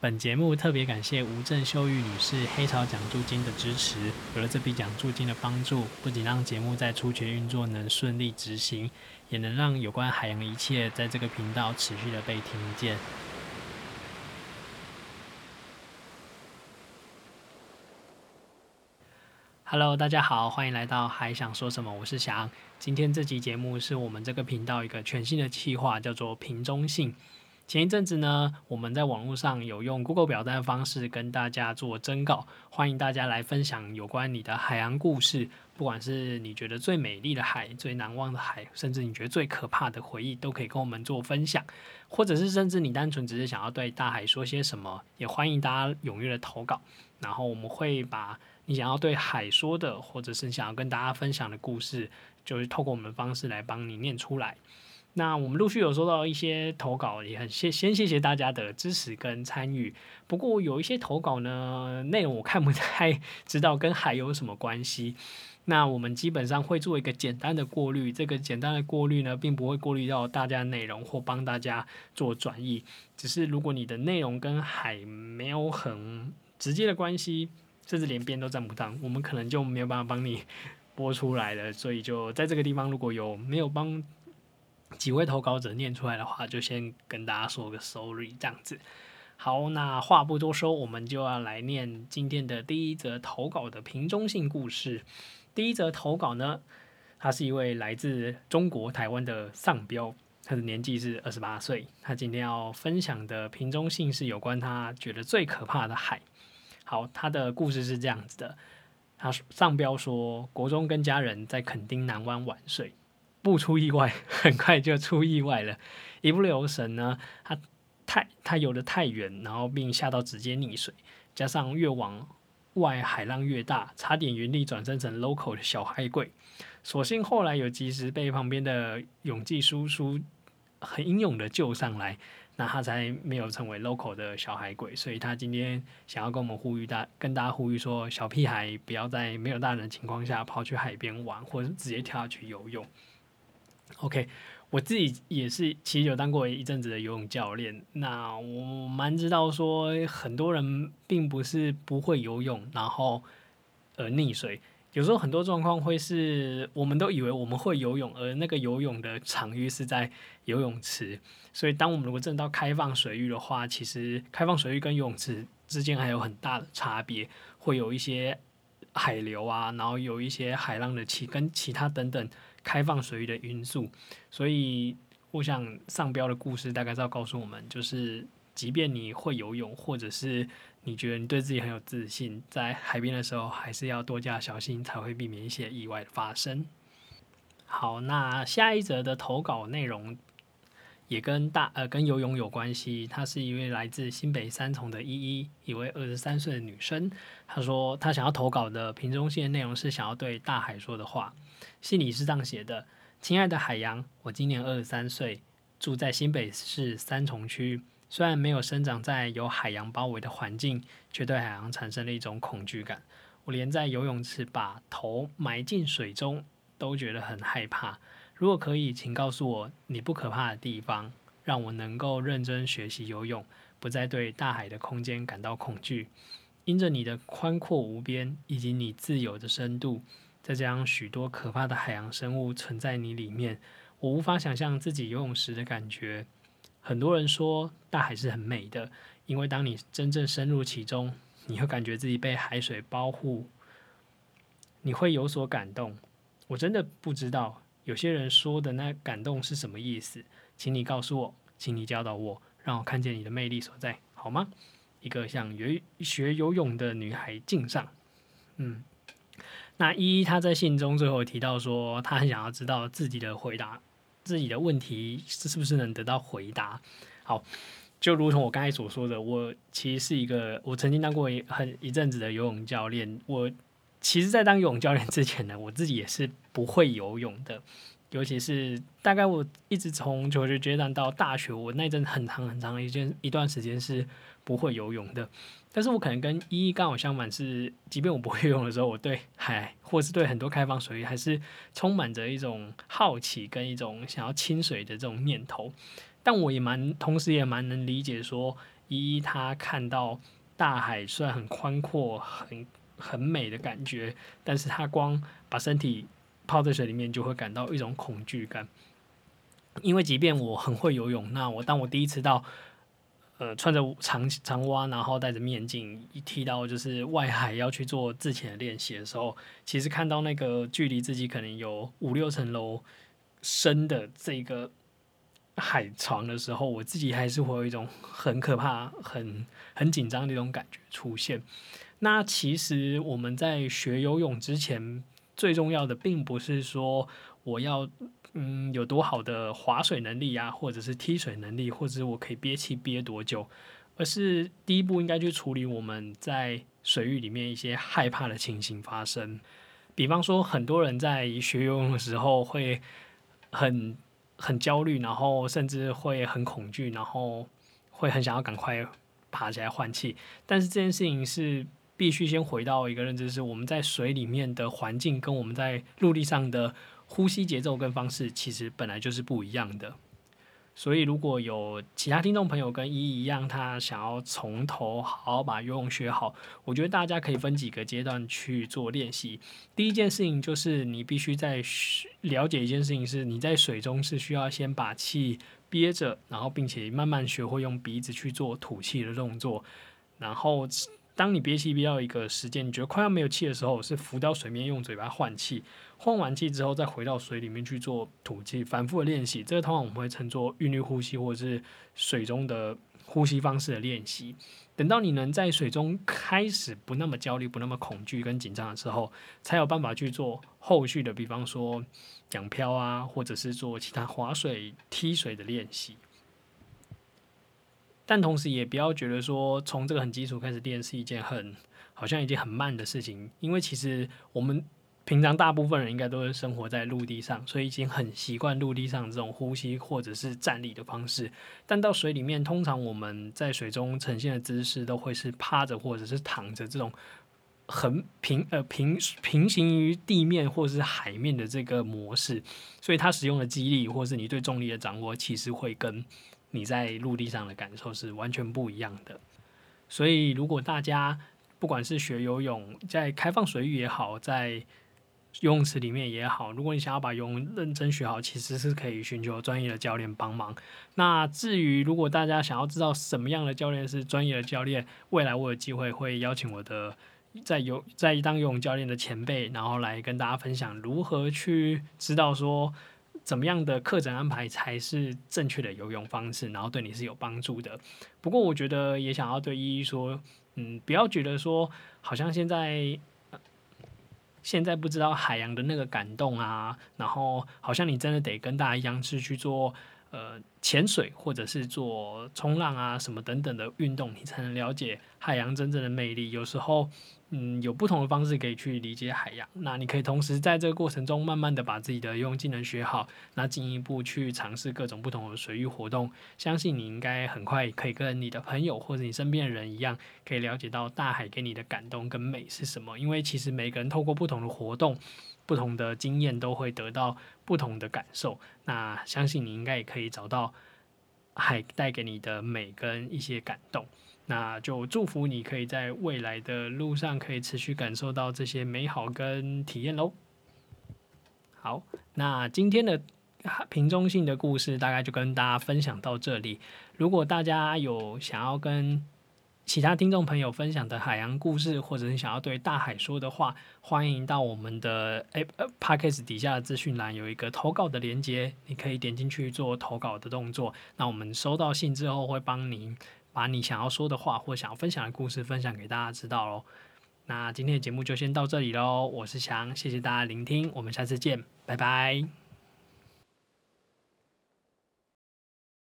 本節目特別感謝吳正秀玉女士黑潮獎助金的支持。有了這筆獎助金的幫助，不僅讓節目在初期運作能順利執行，也能讓有關海洋一切在這個頻道持續的被聽見。Hello，大家好，歡迎來到還想說什麼？我是翔。今天這集節目是我們這個頻道一個全新的企劃，叫做瓶中信。前一陣子呢，我們在網絡上有用 Google 表單的方式跟大家做徵稿，歡迎大家來分享有關你的海洋故事，不管是你覺得最美麗的海、最難忘的海，甚至你覺得最可怕的回憶，都可以跟我們做分享。或者是甚至你單純只是想要對大海說些什麼，也歡迎大家踴躍的投稿。然後我們會把你想要對海說的，或者是想要跟大家分享的故事，就是透過我們的方式來幫你念出來。那我們陸續有收到一些投稿，也很謝先謝謝大家的支持跟參與。不過有一些投稿呢，內容我看不太知道跟海有什麼關係。那我們基本上會做一個簡單的過濾，這個簡單的過濾呢，並不會過濾到大家的內容或幫大家做轉譯。只是如果你的內容跟海沒有很直接的關係，甚至連邊都沾不到，我們可能就沒有辦法幫你播出來了。所以就在這個地方，如果有沒有幫。幾位投稿者念出來的話，就先跟大家說個 sorry 這樣子。好，那話不多說，我們就要來念今天的第一則投稿的瓶中信故事。第一則投稿呢，他是一位來自中國台灣的喪彪，他的年紀是二十八歲。他今天要分享的瓶中信是有關他覺得最可怕的海。好，他的故事是這樣子的，他喪彪說，國中跟家人在墾丁南灣玩水。不出意外，很快就出意外了。一不留神呢，他太他游得太遠，然後並嚇到直接溺水。加上越往外海浪越大，差點原地轉身成 local 的小海鬼。所幸後來有及時被旁邊的泳技叔叔很英勇的救上來，那他才沒有成為 local 的小海鬼。所以他今天想要跟我們呼籲大跟大家呼籲說，小屁孩不要在沒有大人的情況下跑去海邊玩，或者直接跳下去游泳。OK，我自己也是，其實有當過一陣子的游泳教練，那我蠻知道說，很多人並不是不會游泳，然後呃溺水。有時候很多狀況會是，我們都以為我們會游泳，而那個游泳的場域是在游泳池。所以，當我們如果進到開放水域的話，其實開放水域跟游泳池之間還有很大的差別，會有一些海流啊，然後有一些海浪的氣跟其他等等。開放水域的因素，所以我想喪彪的故事大概是要告訴我們，就是即便你會游泳，或者是你覺得你對自己很有自信，在海邊的時候還是要多加小心，才會避免一些意外的發生。好，那下一則的投稿內容也跟大呃跟游泳有關係，她是一位來自新北三重的依依，一位二十三歲的女生。她說她想要投稿的瓶中信的內容是想要對大海說的話。信裡是這樣寫的：“親愛的海洋，我今年二十三歲，住在新北市三重區。雖然沒有生長在有海洋包圍的環境，卻對海洋產生了一種恐懼感。我連在游泳池把頭埋進水中都覺得很害怕。如果可以，請告訴我你不可怕的地方，讓我能夠認真學習游泳，不再對大海的空間感到恐懼。因着你的寬闊無邊，以及你自由的深度。”再加上許多可怕的海洋生物存在你裡面，我無法想象自己游泳時的感覺。很多人說大海是很美的，因為當你真正深入其中，你會感覺自己被海水保護，你會有所感動。我真的不知道有些人說的那感動是什麼意思，請你告訴我，請你教導我，讓我看見你的魅力所在，好嗎？一個想游學游泳的女孩敬上，嗯。那依依他在信中最後提到說，他很想要知道自己的回答，自己的問題是不是能得到回答。好，就如同我剛才所說的，我其實是一個，我曾經當過一很一陣子的游泳教練。我其實，在當游泳教練之前呢，我自己也是不會游泳的。尤其是大概我一直從足球階段到大學，我那陣很長很長的一段一段時間是不會游泳的。但是我可能跟依依剛好相反是，是即便我不會游泳的時候，我對海或是對很多開放水域還是充滿着一種好奇跟一種想要親水的這種念頭。但我也蠻，同時也蠻能理解說依依她看到大海雖然很寬闊、很很美的感覺，但是她光把身體。泡在水裡面就會感到一種恐懼感，因為即便我很會游泳，那我當我第一次到呃穿着長長蛙，然後戴着面鏡，一踢到就是外海要去做自潛練習的時候，其實看到那個距離自己可能有五六層樓深的這個海床的時候，我自己還是會有一種很可怕、很很緊張的一種感覺出現。那其實我們在學游泳之前，最重要的並不是說我要嗯有多好的划水能力啊，或者是踢水能力，或者是我可以憋氣憋多久，而是第一步應該去處理我們在水域裡面一些害怕的情形發生。比方說，很多人在學游泳的時候會很很焦慮，然後甚至會很恐懼，然後會很想要趕快爬起來換氣。但是這件事情是。必須先回到一個認知，是我們在水裡面的環境跟我們在陸地上的呼吸節奏跟方式，其實本來就是不一樣的。所以，如果有其他聽眾朋友跟依依一樣，他想要從頭好好把游泳學好，我覺得大家可以分幾個階段去做練習。第一件事情就是，你必須在了解一件事情，是你在水中是需要先把氣憋着，然後並且慢慢學會用鼻子去做吐氣的動作，然後。當你憋氣憋到一個時間，你覺得快要沒有氣的時候，是浮到水面用嘴巴換氣，換完氣之後再回到水裡面去做吐氣，反覆的練習。這個通常我們會稱作韻律呼吸，或者是水中的呼吸方式的練習。等到你能在水中開始不那麼焦慮、不那麼恐懼跟緊張的時候，才有辦法去做後續的，比方說仰漂啊，或者是做其他划水、踢水的練習。但同時，也不要覺得說從這個很基礎開始練是一件很好像一件很慢的事情，因為其實我們平常大部分人應該都是生活在陸地上，所以已經很習慣陸地上這種呼吸或者是站立的方式。但到水裡面，通常我們在水中呈現的姿勢都會是趴着或者是躺着這種很平呃平平行於地面或是海面的這個模式，所以它使用的肌力或是你對重力的掌握，其實會跟你在陸地上的感受是完全不一樣的，所以如果大家不管是學游泳，在開放水域也好，在游泳池裡面也好，如果你想要把游泳認真學好，其實是可以尋求專業的教練幫忙。那至於如果大家想要知道什麼樣的教練是專業的教練，未來我有機會會邀請我的在游在當游泳教練的前輩，然後來跟大家分享如何去知道說。怎麼樣的課程安排才是正確的游泳方式，然後對你是有幫助的。不過，我覺得也想要對依依說，嗯，不要覺得說好像現在、呃、現在不知道海洋的那個感動啊，然後好像你真的得跟大家一樣是去做呃潛水或者是做沖浪啊什麼等等的運動，你才能了解海洋真正的魅力。有時候。嗯，有不同的方式可以去理解海洋。那你可以同時在這個過程中，慢慢的把自己的游泳技能學好，那進一步去嘗試各種不同的水域活動。相信你應該很快可以跟你的朋友或者你身邊的人一樣，可以了解到大海給你的感動跟美是什麼。因為其實每個人透過不同的活動、不同的經驗，都會得到不同的感受。那相信你應該也可以找到海帶給你的美跟一些感動。那就祝福你，可以在未來的路上可以持續感受到這些美好跟體驗嘍。好，那今天的瓶中信的故事大概就跟大家分享到這裡。如果大家有想要跟其他聽眾朋友分享的海洋故事，或者是想要對大海說的話，歡迎到我們的 App Podcast 底下的資訊欄有一個投稿的鏈接你可以點進去做投稿的動作。那我們收到信之後會幫您。把你想要說的話，或想要分享的故事分享給大家知道嘍。那今天的節目就先到這裡嘍，我是強，謝謝大家聆聽，我們下次見，拜拜。